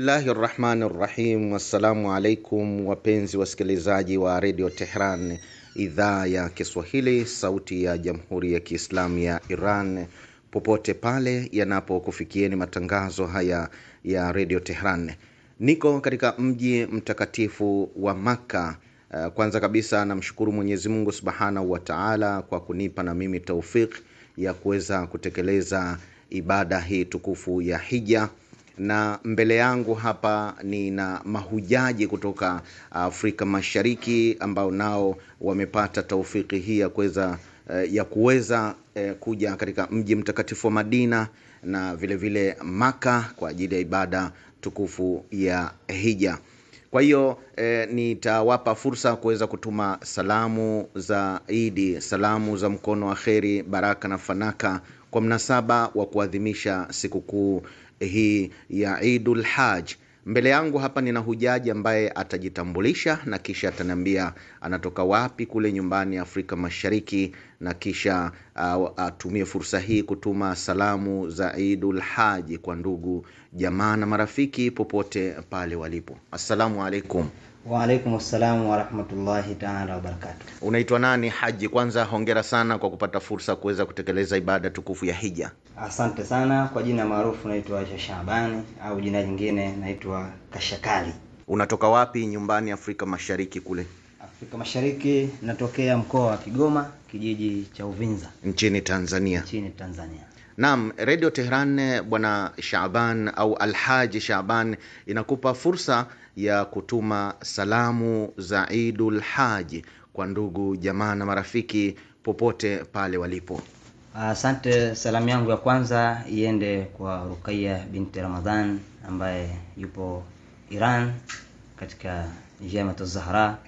Bismillahi rahmani rahim. Wassalamu alaikum wapenzi wasikilizaji wa redio Tehran, idhaa ya Kiswahili, sauti ya jamhuri ya Kiislamu ya Iran, popote pale yanapokufikieni matangazo haya ya redio Tehran. Niko katika mji mtakatifu wa Makka. Eh, kwanza kabisa namshukuru Mwenyezi Mungu subhanahu wa taala kwa kunipa na mimi taufik ya kuweza kutekeleza ibada hii tukufu ya hija na mbele yangu hapa nina mahujaji kutoka Afrika Mashariki ambao nao wamepata taufiki hii ya kuweza eh, ya kuweza eh, kuja katika mji mtakatifu wa Madina na vile vile Maka kwa ajili ya ibada tukufu ya hija. Kwa hiyo eh, nitawapa fursa kuweza kutuma salamu za Idi, salamu za mkono wa kheri, baraka na fanaka kwa mnasaba wa kuadhimisha sikukuu Eh, hii ya Idul Haj. Mbele yangu hapa nina hujaji ambaye atajitambulisha na kisha ataniambia anatoka wapi kule nyumbani Afrika Mashariki, na kisha uh, atumie fursa hii kutuma salamu za Idul Haji kwa ndugu jamaa na marafiki popote pale walipo. Assalamu alaikum. Waalaikum salamu warahmatullahi taala wabarakatu. Unaitwa nani Haji? Kwanza hongera sana kwa kupata fursa kuweza kutekeleza ibada tukufu ya hija. Asante sana. Kwa jina maarufu naitwa Shashabani au jina jingine naitwa Kashakali. Unatoka wapi nyumbani Afrika Mashariki kule? Afrika Mashariki natokea mkoa wa Kigoma, kijiji cha Uvinza nchini Tanzania. Nchini Tanzania. Naam, Radio Tehran Bwana Shaaban au Alhaji Shaaban inakupa fursa ya kutuma salamu za Idul Haji kwa ndugu jamaa na marafiki popote pale walipo. Asante. Salamu yangu ya kwanza iende kwa Rukaya binti Ramadhan ambaye yupo Iran katika Jamiatu Zahra,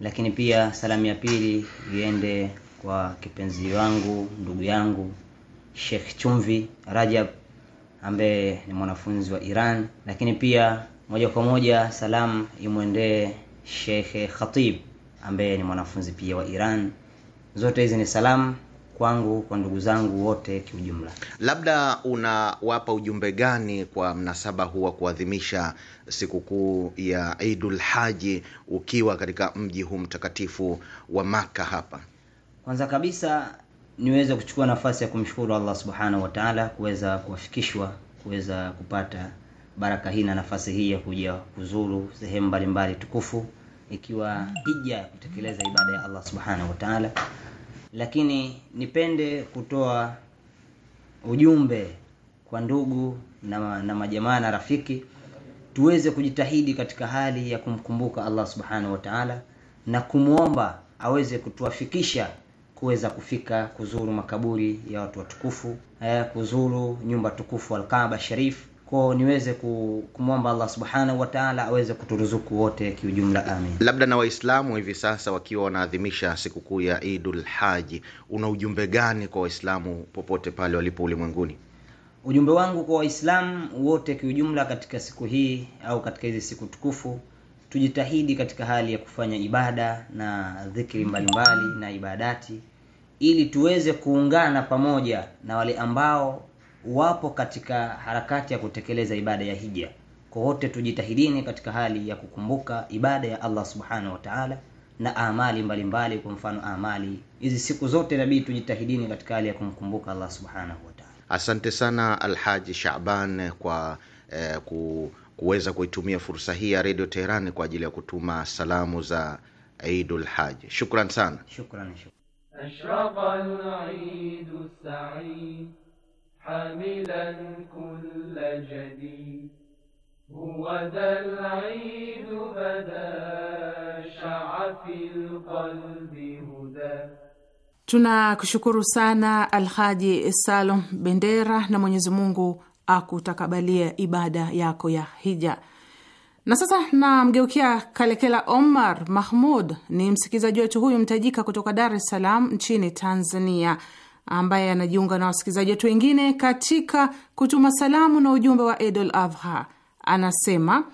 lakini pia salamu ya pili iende kwa kipenzi wangu ndugu yangu Sheikh Chumvi Rajab ambaye ni mwanafunzi wa Iran, lakini pia moja kwa moja salamu imwendee Shekhe Khatib ambaye ni mwanafunzi pia wa Iran. Zote hizi ni salamu kwangu kwa ndugu zangu wote kiujumla. Labda unawapa ujumbe gani kwa mnasaba huu wa kuadhimisha sikukuu ya Eidul Haji ukiwa katika mji huu mtakatifu wa Maka? Hapa kwanza kabisa niweze kuchukua nafasi ya kumshukuru Allah subhanahu wa taala kuweza kuwafikishwa kuweza kupata baraka hii na nafasi hii ya kuja kuzuru sehemu mbalimbali tukufu, ikiwa hija ya kutekeleza ibada ya Allah subhanahu wa ta'ala. Lakini nipende kutoa ujumbe kwa ndugu na, na majamaa na rafiki, tuweze kujitahidi katika hali ya kumkumbuka Allah subhanahu wa ta'ala na kumwomba aweze kutuafikisha kuweza kufika kuzuru makaburi ya watu watukufu, eh, kuzuru nyumba tukufu Al-Kaaba Sharif kwa niweze kumwomba Allah subhanahu wa taala aweze kuturuzuku wote kiujumla, amin. Labda na Waislamu hivi sasa wakiwa wanaadhimisha sikukuu ya Idul Haji, una ujumbe gani kwa Waislamu popote pale walipo ulimwenguni? Ujumbe wangu kwa Waislamu wote kiujumla, katika siku hii au katika hizi siku tukufu, tujitahidi katika hali ya kufanya ibada na dhikri mbalimbali na ibadati, ili tuweze kuungana pamoja na wale ambao wapo katika harakati ya kutekeleza ibada ya hija kwa wote tujitahidini katika hali ya kukumbuka ibada ya allah subhanahu wa taala na amali mbalimbali kwa mfano amali hizi siku zote nabii tujitahidini katika hali ya kumkumbuka allah subhanahu wa taala asante sana alhaji shaban kwa eh, ku, kuweza kuitumia fursa hii ya redio teheran kwa ajili ya kutuma salamu za idul haj shukran sana shukran, shukran. حاملا كل جديد هو ذا العيد بدا شع في القلب هدى Tunakushukuru sana Alhaji Salum Bendera, na Mwenyezi Mungu akutakabalie ibada yako ya hija. Na sasa namgeukia Kalekela Omar Mahmud, ni msikilizaji wetu huyu mtajika kutoka Dar es Salaam nchini Tanzania ambaye anajiunga na wasikilizaji wetu wengine katika kutuma salamu na ujumbe wa Edol Avha anasema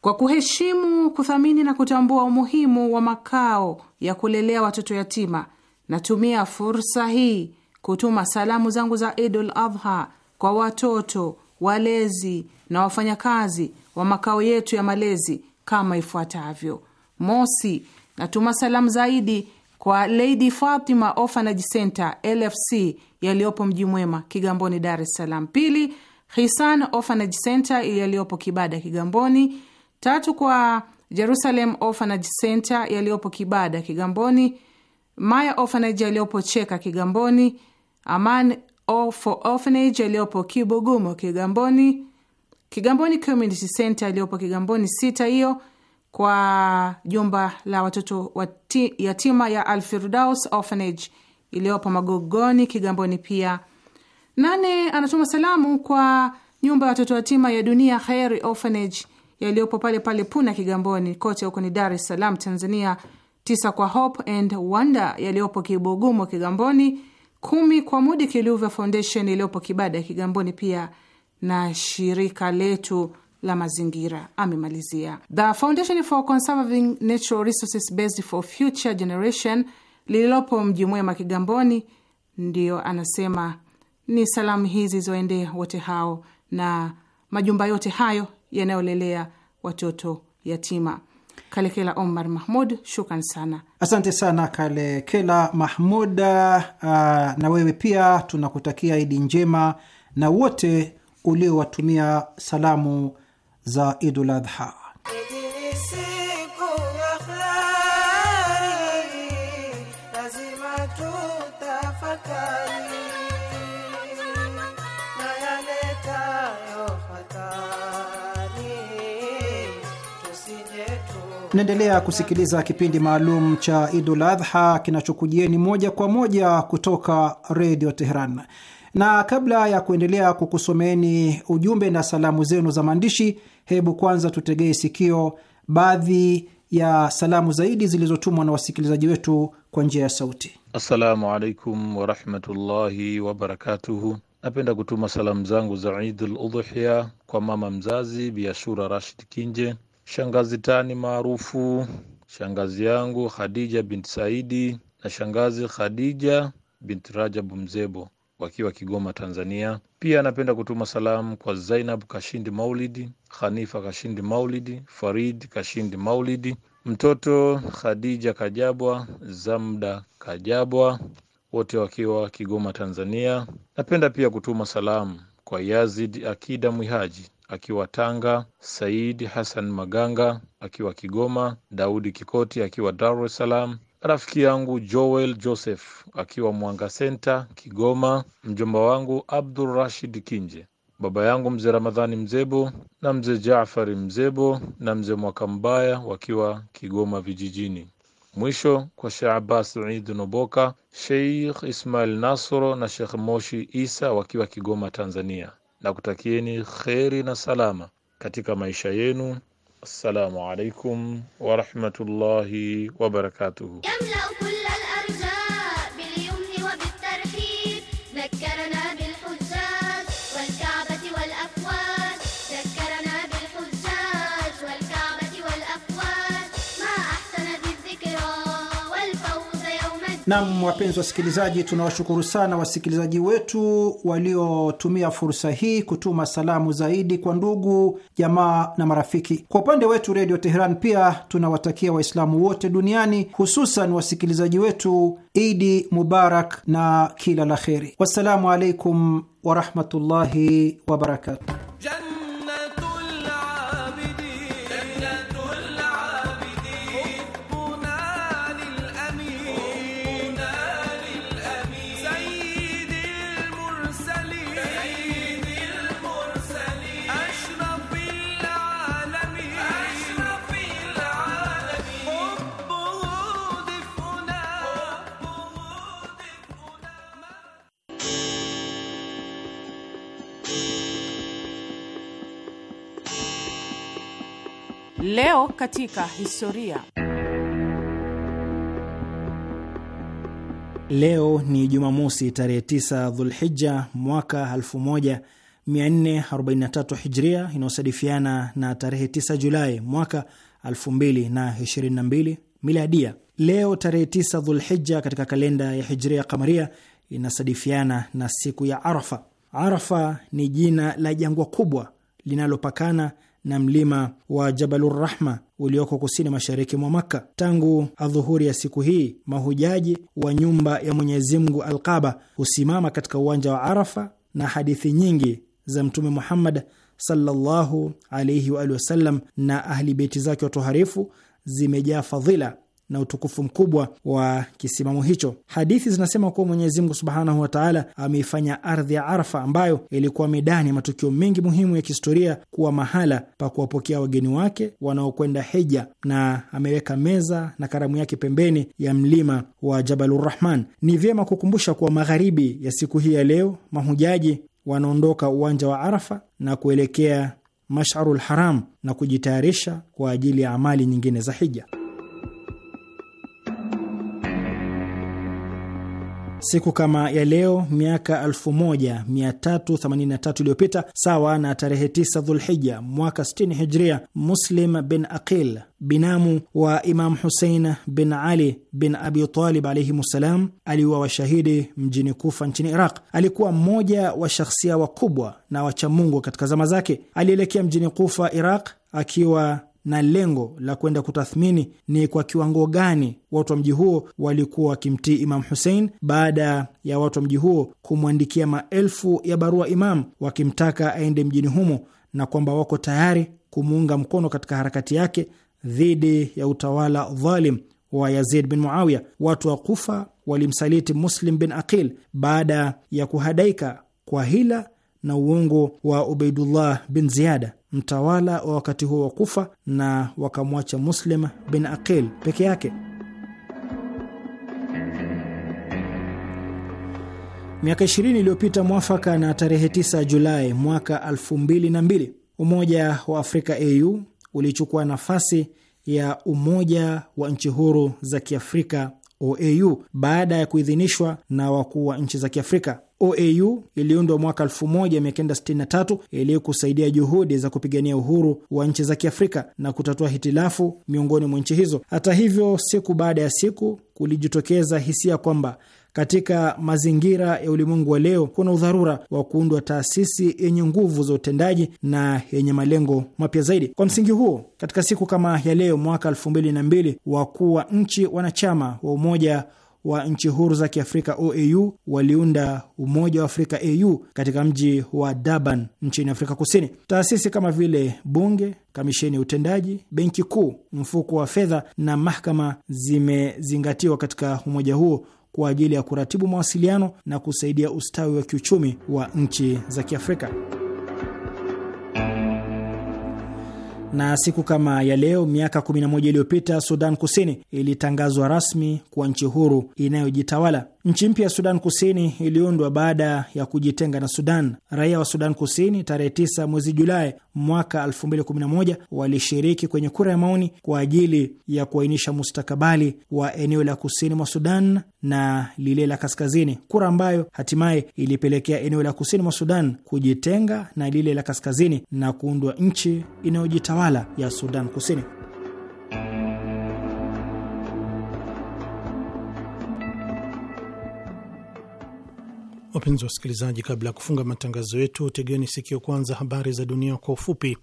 kwa kuheshimu, kuthamini na kutambua umuhimu wa makao ya kulelea watoto yatima, natumia fursa hii kutuma salamu zangu za Idul Adha kwa watoto walezi na wafanyakazi wa makao yetu ya malezi kama ifuatavyo. Mosi, natuma salamu zaidi kwa Lady Fatima Orphanage Center LFC yaliyopo Mji Mwema, Kigamboni, Dar es Salaam; pili, Hisan Orphanage Center yaliyopo Kibada, Kigamboni; tatu, kwa Jerusalem Orphanage Center yaliyopo Kibada, Kigamboni; Maya Orphanage yaliyopo Cheka, Kigamboni; Aman for Orphanage yaliyopo Kibugumo, Kigamboni; Kigamboni Community Center yaliyopo Kigamboni, sita hiyo kwa jumba la watoto wati, yatima ya Alfirdaus Orphanage iliyopo Magogoni, Kigamboni. Pia nane anatuma salamu kwa nyumba ya watoto yatima ya Dunia Khairi Orphanage yaliyopo pale pale Puna, Kigamboni, kote huko ni Dar es Salaam, Tanzania. Tisa kwa Hope and Wonder yaliyopo Kibugumo, Kigamboni. Kumi kwa Mudi kiluva Foundation iliyopo Kibada, Kigamboni pia na shirika letu la mazingira. Amemalizia The Foundation for Conserving Natural Resources Based for Future Generation lililopo mji mwema Kigamboni, ndiyo anasema ni salamu hizi zoendee wote hao na majumba yote hayo yanayolelea watoto yatima. Kalekela Omar Mahmud, shukran sana. Asante sana Kalekela Mahmud. Uh, na wewe pia tunakutakia Idi njema na wote uliowatumia salamu za Idul Adha. Naendelea kusikiliza kipindi maalum cha Idul Adha kinachokujieni moja kwa moja kutoka Redio Teheran. Na kabla ya kuendelea kukusomeeni ujumbe na salamu zenu za maandishi, hebu kwanza tutegee sikio baadhi ya salamu zaidi zilizotumwa na wasikilizaji wetu kwa njia ya sauti. Assalamu alaikum warahmatullahi wabarakatuhu. Napenda kutuma salamu zangu za Idul Udhuhia kwa mama mzazi Biashura Rashid Kinje, shangazi Tani maarufu, shangazi yangu Khadija bint Saidi na shangazi Khadija bint Rajabu Mzebo wakiwa Kigoma, Tanzania. Pia anapenda kutuma salamu kwa Zainab Kashindi Maulidi, Hanifa Kashindi Maulidi, Farid Kashindi Maulidi, mtoto Khadija Kajabwa, Zamda Kajabwa, wote wakiwa Kigoma, Tanzania. Napenda pia kutuma salamu kwa Yazid Akida Mwihaji akiwa Tanga, Said Hassan Maganga akiwa Kigoma, Daudi Kikoti akiwa Dar es Salaam, rafiki yangu Joel Joseph akiwa Mwanga Senta, Kigoma, mjomba wangu Abdul Rashid Kinje, baba yangu mzee Ramadhani Mzebo na mzee Jaafari Mzebo na mzee Mwaka Mbaya wakiwa Kigoma vijijini. Mwisho kwa Sheikh Abbas Eid Noboka, Sheikh Ismail Nasoro na Sheikh Moshi Isa wakiwa Kigoma, Tanzania, na kutakieni kheri na salama katika maisha yenu السلام عليكم ورحمة الله وبركاته Nam, wapenzi wasikilizaji, tunawashukuru sana wasikilizaji wetu waliotumia fursa hii kutuma salamu zaidi kwa ndugu jamaa na marafiki. Kwa upande wetu Redio Teheran pia tunawatakia Waislamu wote duniani, hususan wasikilizaji wetu, Idi Mubarak na kila la kheri. Wassalamu alaikum warahmatullahi wabarakatuh. Leo katika historia. Leo ni Jumamosi tarehe 9 Dhulhija mwaka 1443 Hijria, inayosadifiana na tarehe 9 Julai mwaka 2022 Miladia. Leo tarehe 9 Dhulhija katika kalenda ya Hijria Kamaria inasadifiana na siku ya Arafa. Arafa ni jina la jangwa kubwa linalopakana na mlima wa Jabalurrahma ulioko kusini mashariki mwa Makka. Tangu adhuhuri ya siku hii, mahujaji wa nyumba ya Mwenyezi Mungu Alqaba husimama katika uwanja wa Arafa, na hadithi nyingi za Mtume Muhammad sallallahu alaihi wa alihi wasallam na ahli beiti zake watoharifu zimejaa fadhila na utukufu mkubwa wa kisimamo hicho. Hadithi zinasema kuwa Mwenyezi Mungu subhanahu wataala ameifanya ardhi ya Arfa, ambayo ilikuwa medani ya matukio mengi muhimu ya kihistoria, kuwa mahala pa kuwapokea wageni wake wanaokwenda hija, na ameweka meza na karamu yake pembeni ya mlima wa Jabalurrahman. Ni vyema kukumbusha kuwa magharibi ya siku hii ya leo mahujaji wanaondoka uwanja wa Arafa na kuelekea Masharul Haram na kujitayarisha kwa ajili ya amali nyingine za hija. Siku kama ya leo miaka 1383 iliyopita, sawa na tarehe 9 Dhulhija mwaka 60 Hijria, Muslim bin Aqil binamu wa Imam Husein bin Ali bin Abi Talib alaihim aliuwa washahidi mjini Kufa nchini Iraq. Alikuwa mmoja wa shakhsia wakubwa na wachamungu katika zama zake. Alielekea mjini Kufa, Iraq akiwa na lengo la kwenda kutathmini ni kwa kiwango gani watu wa mji huo walikuwa wakimtii Imam Hussein baada ya watu wa mji huo kumwandikia maelfu ya barua Imam wakimtaka aende mjini humo na kwamba wako tayari kumuunga mkono katika harakati yake dhidi ya utawala dhalim wa Yazid bin Muawiya. Watu wa Kufa walimsaliti Muslim bin Aqil baada ya kuhadaika kwa hila na uongo wa Ubaidullah bin Ziyada, mtawala wa wakati huo wa Kufa, na wakamwacha Muslim bin Aqil peke yake. Miaka 20 iliyopita mwafaka na tarehe 9 Julai mwaka 2002 Umoja wa Afrika AU ulichukua nafasi ya Umoja wa Nchi Huru za Kiafrika OAU baada ya kuidhinishwa na wakuu wa nchi za Kiafrika. OAU iliundwa mwaka 1963 ili kusaidia juhudi za kupigania uhuru wa nchi za Kiafrika na kutatua hitilafu miongoni mwa nchi hizo. Hata hivyo, siku baada ya siku kulijitokeza hisia kwamba katika mazingira ya ulimwengu wa leo, kuna udharura wa kuundwa taasisi yenye nguvu za utendaji na yenye malengo mapya zaidi. Kwa msingi huo, katika siku kama ya leo mwaka elfu mbili na mbili wakuu wa nchi wanachama wa Umoja wa nchi huru za Kiafrika OAU waliunda Umoja wa Afrika AU katika mji wa Durban nchini Afrika Kusini. Taasisi kama vile bunge, kamisheni ya utendaji, benki kuu, mfuko wa fedha na mahakama zimezingatiwa katika umoja huo kwa ajili ya kuratibu mawasiliano na kusaidia ustawi wa kiuchumi wa nchi za Kiafrika. Na siku kama ya leo miaka 11 iliyopita Sudan Kusini ilitangazwa rasmi kuwa nchi huru inayojitawala. Nchi mpya ya Sudan Kusini iliundwa baada ya kujitenga na Sudan. Raia wa Sudan Kusini tarehe tisa mwezi Julai mwaka 2011 walishiriki kwenye kura ya maoni kwa ajili ya kuainisha mustakabali wa eneo la kusini mwa Sudan na lile la kaskazini, kura ambayo hatimaye ilipelekea eneo la kusini mwa Sudan kujitenga na lile la kaskazini na kuundwa nchi inayojitawala ya Sudan Kusini. Wapenzi wasikilizaji, kabla ya kufunga matangazo yetu, tegeni sikio kwanza habari za dunia kwa ufupi.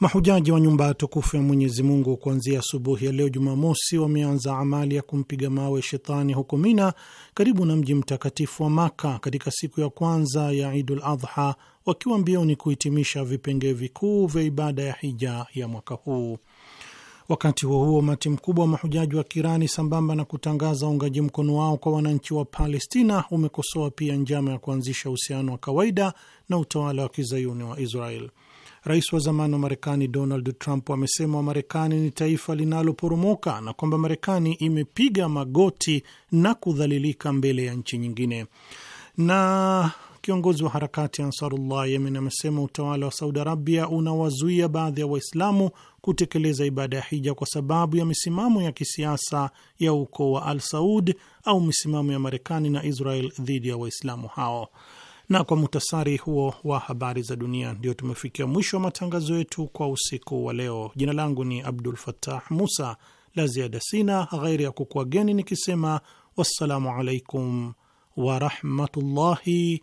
Mahujaji wa nyumba tukufu ya Mwenyezi Mungu kuanzia asubuhi ya leo Jumamosi wameanza amali ya kumpiga mawe shetani huko Mina, karibu na mji mtakatifu wa Maka, katika siku ya kwanza ya Idul Adha, wakiwa mbioni kuhitimisha vipengee vikuu vya ibada ya hija ya mwaka huu. Wakati huo huo, umati mkubwa wa mahujaji wa Kirani sambamba na kutangaza uungaji mkono wao kwa wananchi wa Palestina umekosoa pia njama ya kuanzisha uhusiano wa kawaida na utawala wa kizayuni wa Israel. Rais wa zamani wa Marekani Donald Trump amesema marekani ni taifa linaloporomoka na kwamba Marekani imepiga magoti na kudhalilika mbele ya nchi nyingine na kiongozi wa harakati Ansarullah Yemen amesema utawala wa Saudi Arabia unawazuia baadhi ya Waislamu kutekeleza ibada ya hija kwa sababu ya misimamo ya kisiasa ya ukoo wa Al Saud au misimamo ya Marekani na Israel dhidi ya Waislamu hao. Na kwa muhtasari huo wa habari za dunia, ndio tumefikia mwisho wa matangazo yetu kwa usiku wa leo. Jina langu ni Abdul Fatah Musa. La ziada sina ghairi ya kukuageni nikisema wassalamu alaikum warahmatullahi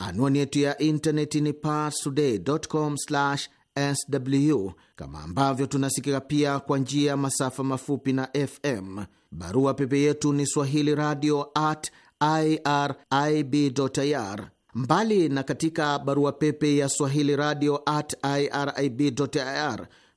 Anwani yetu ya intaneti ni parstoday.com/sw, kama ambavyo tunasikika pia kwa njia ya masafa mafupi na FM. Barua pepe yetu ni swahili radio at irib.ir. Mbali na katika barua pepe ya swahili radio at irib.ir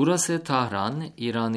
Burası Tahran, İran'ın